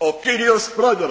O Kyrios Prodoros.